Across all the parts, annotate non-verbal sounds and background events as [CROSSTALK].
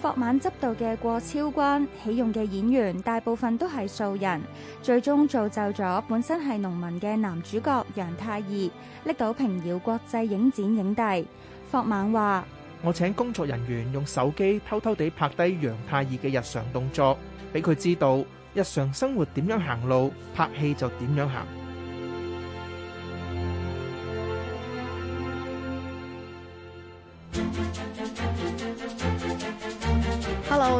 霍猛執導嘅過昭關起用嘅演員大部分都係素人，最終造就咗本身係農民嘅男主角楊太義拎到平遙國際影展影帝。霍猛話：我請工作人員用手機偷偷地拍低楊太義嘅日常動作，俾佢知道日常生活點樣行路，拍戲就點樣行。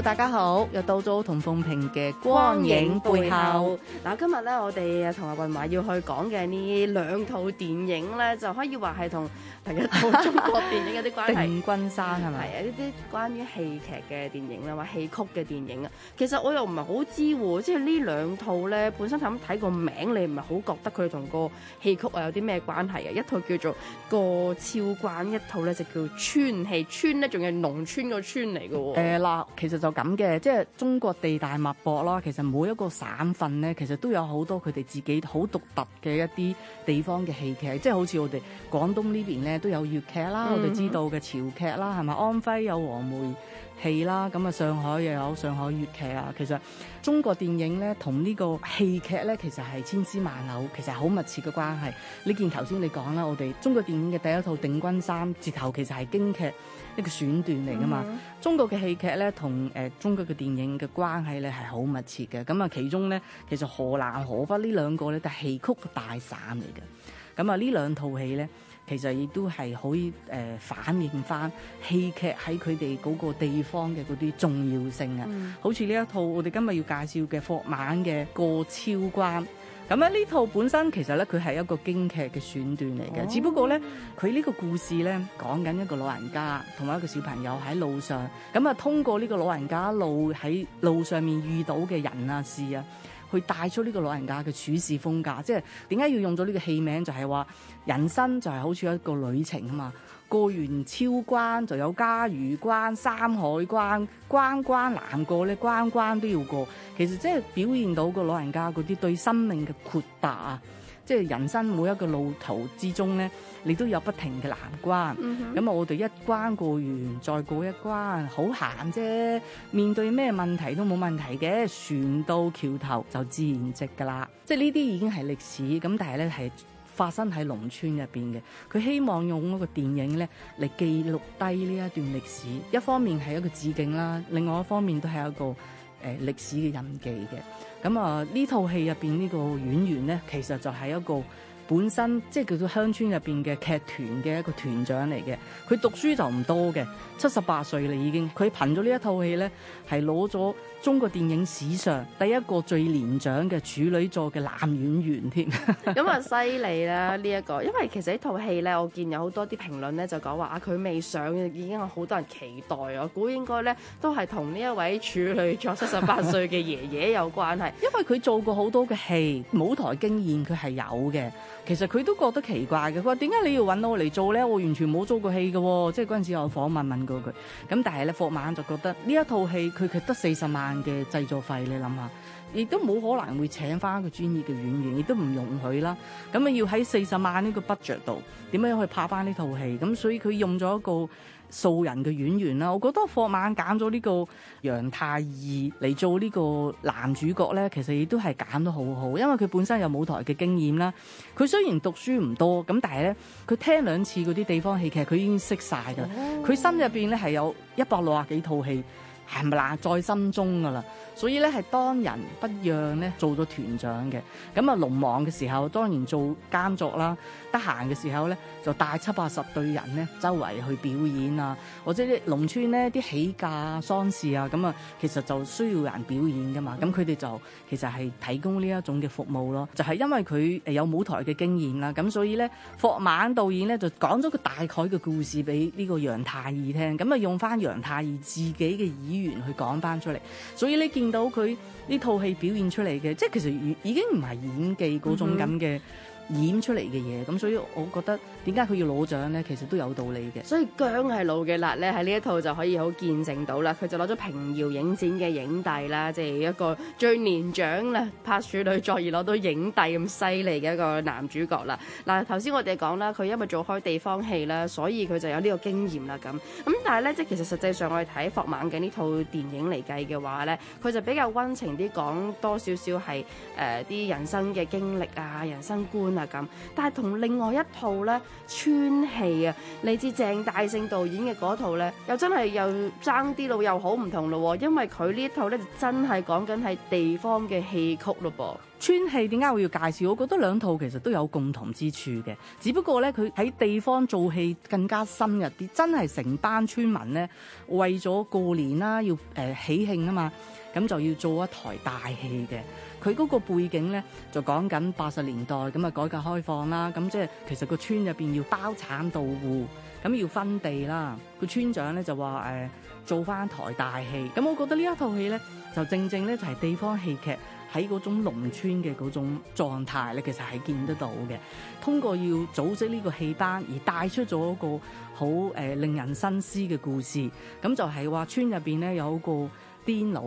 大家好，又到咗同鳳平嘅光影背後。嗱，今日咧我哋啊同阿云華要去講嘅呢兩套電影咧，就可以話係同第一套中國電影有啲關係。定軍山係咪？係啊，呢啲關於戲劇嘅電影啊，或戲曲嘅電影啊。其實我又唔係好知，即係呢兩套咧，本身咁睇個名字，你唔係好覺得佢同個戲曲啊有啲咩關係。一套叫做過昭關，一套咧就叫村戲，村咧仲係農村個村嚟嘅。誒， [LAUGHS] 其實就。咁嘅，即係中國地大物博咯。其實每一個省份咧，其實都有好多佢哋自己好獨特嘅一啲地方嘅戲劇，即係好似我哋廣東呢邊咧都有粵劇啦，我哋知道嘅潮劇啦，係咪？安徽有黃梅戲啦，咁啊上海又有上海越劇啊。其實中國電影咧同呢個戲劇咧，其實係千絲萬縷，其實係好密切嘅關係。你見頭先你講啦，我哋中國電影嘅第一套《定軍山》接頭其實係京劇一個選段嚟噶嘛。中國嘅戲劇咧同誒中國嘅電影嘅關係咧係好密切嘅。咁啊其中咧，其實河南、河北呢兩個咧都係戲曲嘅大省嚟嘅。咁啊呢兩套戲咧。其實亦都係可以誒、呃、反映翻戲劇喺佢哋嗰個地方嘅嗰啲重要性啊！嗯、好似呢一套我哋今日要介紹嘅霍猛嘅《過超關》，咁咧呢套本身其實咧佢係一個京劇嘅選段嚟嘅，哦、只不過咧佢呢個故事咧講緊一個老人家同埋一個小朋友喺路上，咁、嗯、啊、嗯、通過呢個老人家一路喺路上面遇到嘅人啊事啊。去帶出呢個老人家嘅處事風格，即係點解要用咗呢個戲名？就係話人生就係好似一個旅程啊嘛，過完超關就有嘉峪關、山海關，關關難過咧，關關都要過。其實即係表現到個老人家嗰啲對生命嘅豁達啊！即係人生每一個路途之中咧，你都有不停嘅難關。咁啊、嗯哼，我哋一關過完，再過一關，好閒啫。面對咩問題都冇問題嘅，船到橋頭就自然直噶啦。即係呢啲已經係歷史咁，但係咧係發生喺農村入邊嘅。佢希望用一個電影咧嚟記錄低呢一段歷史，一方面係一個致敬啦，另外一方面都係一個。誒歷史嘅印記嘅，咁啊這套裡面這個呢套戲入邊呢個演員咧，其實就係一個。本身即係叫做鄉村入邊嘅劇團嘅一個團長嚟嘅，佢讀書就唔多嘅，七十八歲啦已經，佢憑咗呢一套戲咧，係攞咗中國電影史上第一個最年長嘅處女作嘅男演員添。咁啊犀利啦呢一個，因為其實呢套戲咧，我見有好多啲評論咧就講話，啊，佢未上已經有好多人期待啊。估應該咧都係同呢一位處女作七十八歲嘅爺爺有關係， [LAUGHS] 因為佢做過好多嘅戲，舞台經驗佢係有嘅。其實佢都覺得奇怪嘅，佢話點解你要搵我嚟做呢？我完全冇做過戲㗎喎，哦，即係嗰陣時有訪問問過佢，咁但係呢，霍猛就覺得呢一套戲佢其實得四十萬嘅製作費，你諗下。亦都冇可能會請翻一個專業嘅演員，亦都唔容許啦。咁啊要喺四十萬呢個 budget 度點樣去拍翻呢套戲？咁所以佢用咗一個素人嘅演員啦。我覺得霍猛揀咗呢個楊太義嚟做呢個男主角咧，其實亦都係揀得好好，因為佢本身有舞台嘅經驗啦。佢雖然讀書唔多，咁但係咧佢聽兩次嗰啲地方戲劇，佢已經識晒㗎啦。佢心入邊咧係有一百六啊幾套戲。係咪啦？在心中噶啦，所以咧係當仁不讓咧做咗團長嘅，咁啊農忙嘅時候當然做監作啦，得閒嘅時候咧就帶七八十對人咧周圍去表演啊，或者啲農村咧啲喜嫁喪事啊，咁啊其實就需要人表演噶嘛，咁佢哋就其實係提供呢一種嘅服務咯，就係、是、因為佢誒有舞台嘅經驗啦，咁所以咧霍猛導演咧就講咗個大概嘅故事俾呢個楊太義聽，咁啊用翻楊太義自己嘅語。演員去講翻出嚟，所以你見到佢呢套戲表現出嚟嘅，即係其實已已經唔係演技嗰種咁嘅。嗯演出嚟嘅嘢，咁所以我覺得點解佢要攞獎咧？其實都有道理嘅。所以薑係老嘅辣咧，喺呢一套就可以好見證到啦。佢就攞咗平遙影展嘅影帝啦，即係一個最年長啦拍處女作而攞到影帝咁犀利嘅一個男主角啦。嗱，頭先我哋講啦，佢因為做開地方戲啦，所以佢就有呢個經驗啦咁。咁但係咧，即係其實實際上我哋睇霍猛嘅呢套電影嚟計嘅話咧，佢就比較溫情啲，講多少少係誒啲人生嘅經歷啊、人生觀啊。係咁，但係同另外一套咧村戲啊，嚟自鄭大聖導演嘅嗰套咧，又真係又爭啲路又好唔同咯，因為佢呢套咧就真係講緊係地方嘅戲曲咯噃。村戲點解我要介紹？我覺得兩套其實都有共同之處嘅，只不過咧佢喺地方做戲更加深入啲，真係成班村民咧為咗過年啦，要誒喜、呃、慶啊嘛，咁就要做一台大戲嘅。佢嗰個背景咧，就講緊八十年代咁啊，就改革開放啦，咁即係其實個村入面要包產到戶，咁要分地啦。個村長咧就話、呃、做翻台大戲。咁我覺得呢一套戲咧，就正正咧就係地方戲劇喺嗰種農村嘅嗰種狀態咧，其實係見得到嘅。通過要組織呢個戲班而帶出咗一個好、呃、令人深思嘅故事，咁就係話村入面咧有個。癲佬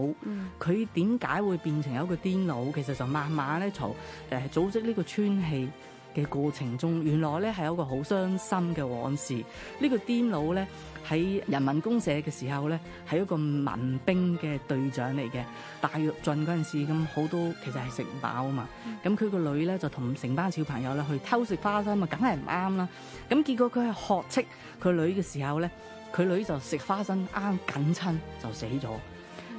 佢點解會變成有一個癲佬？其實就慢慢咧從誒組織呢個村戲嘅過程中，原來咧係有一個好傷心嘅往事。這個、呢個癲佬咧喺人民公社嘅時候咧係一個民兵嘅隊長嚟嘅。大躍進嗰陣時咁好多，其實係食唔飽啊嘛。咁佢個女咧就同成班小朋友咧去偷食花生不啊，梗係唔啱啦。咁結果佢係學斥佢女嘅時候咧，佢女就食花生啱緊親就死咗。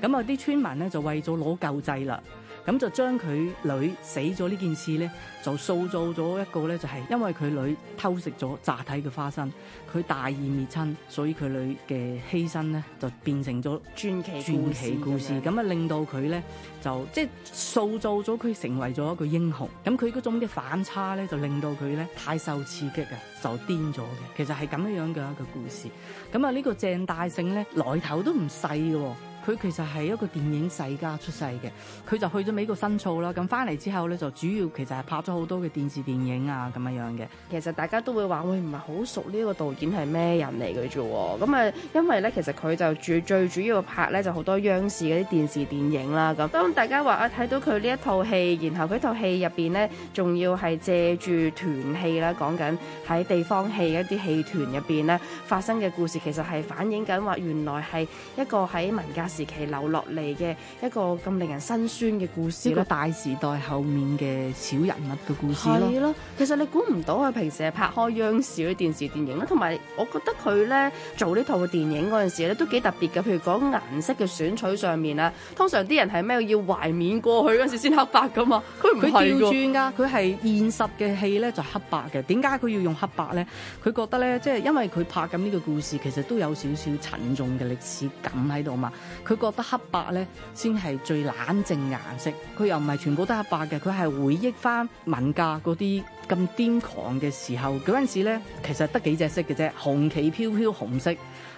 咁啊！啲村民咧就為咗攞救濟啦，咁就將佢女死咗呢件事咧，就塑造咗一個咧，就係、是、因為佢女偷食咗炸體嘅花生，佢大義滅親，所以佢女嘅犧牲咧就變成咗傳奇傳奇故事。咁啊，就令到佢咧就即係、就是、塑造咗佢成為咗一個英雄。咁佢嗰種嘅反差咧，就令到佢咧太受刺激啊，就癲咗嘅。其實係咁樣樣嘅一個故事。咁啊，呢個鄭大聖咧來頭都唔細嘅。佢其實係一個電影世家出世嘅，佢就去咗美國深造啦。咁翻嚟之後呢，就主要其實係拍咗好多嘅電視電影啊咁樣樣嘅。其實大家都會話，喂，唔係好熟呢一個導演係咩人嚟嘅啫喎。咁啊，因為呢，其實佢就最最主要的拍呢就好多央視嗰啲電視電影啦。咁當大家話啊，睇到佢呢一套戲，然後佢套戲入邊呢，仲要係借住團戲啦，講緊喺地方戲一啲戲團入邊呢，發生嘅故事，其實係反映緊話，原來係一個喺民間。時期留落嚟嘅一個咁令人辛酸嘅故事，一個大時代後面嘅小人物嘅故事咯。其實你估唔到佢平時係拍開央視嗰啲電視電影啦，同埋我覺得佢咧做呢套電影嗰陣時咧都幾特別嘅。譬如講顏色嘅選取上面啊，通常啲人係咩要懷緬過去嗰時先黑白噶嘛。佢唔係喎，佢調轉㗎。佢係現實嘅戲咧就黑白嘅。點解佢要用黑白咧？佢覺得咧，即係因為佢拍緊呢個故事，其實都有少少沉重嘅歷史感喺度嘛。佢覺得黑白咧，先係最冷靜顏色。佢又唔係全部都黑白嘅，佢係回憶翻文革嗰啲咁顛狂嘅時候嗰陣時咧，其實得幾隻色嘅啫。紅旗飄飄紅色，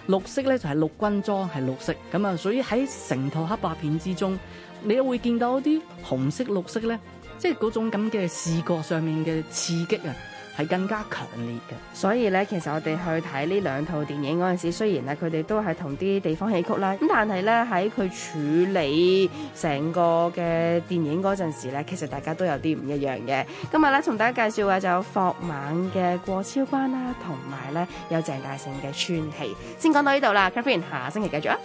綠色咧就係、是、綠軍裝係綠色。咁啊，所以喺成套黑白片之中，你會見到啲紅色、綠色咧，即係嗰種咁嘅視覺上面嘅刺激啊，係更加強烈嘅，所以咧，其實我哋去睇呢兩套電影嗰陣時，雖然咧佢哋都係同啲地方戲曲啦，咁但係咧喺佢處理成個嘅電影嗰陣時咧，其實大家都有啲唔一樣嘅。今日咧同大家介紹嘅就有霍猛嘅過昭關啦，同埋咧有鄭大聖嘅村戲。先講到呢度啦 Catherine 下星期繼續啊！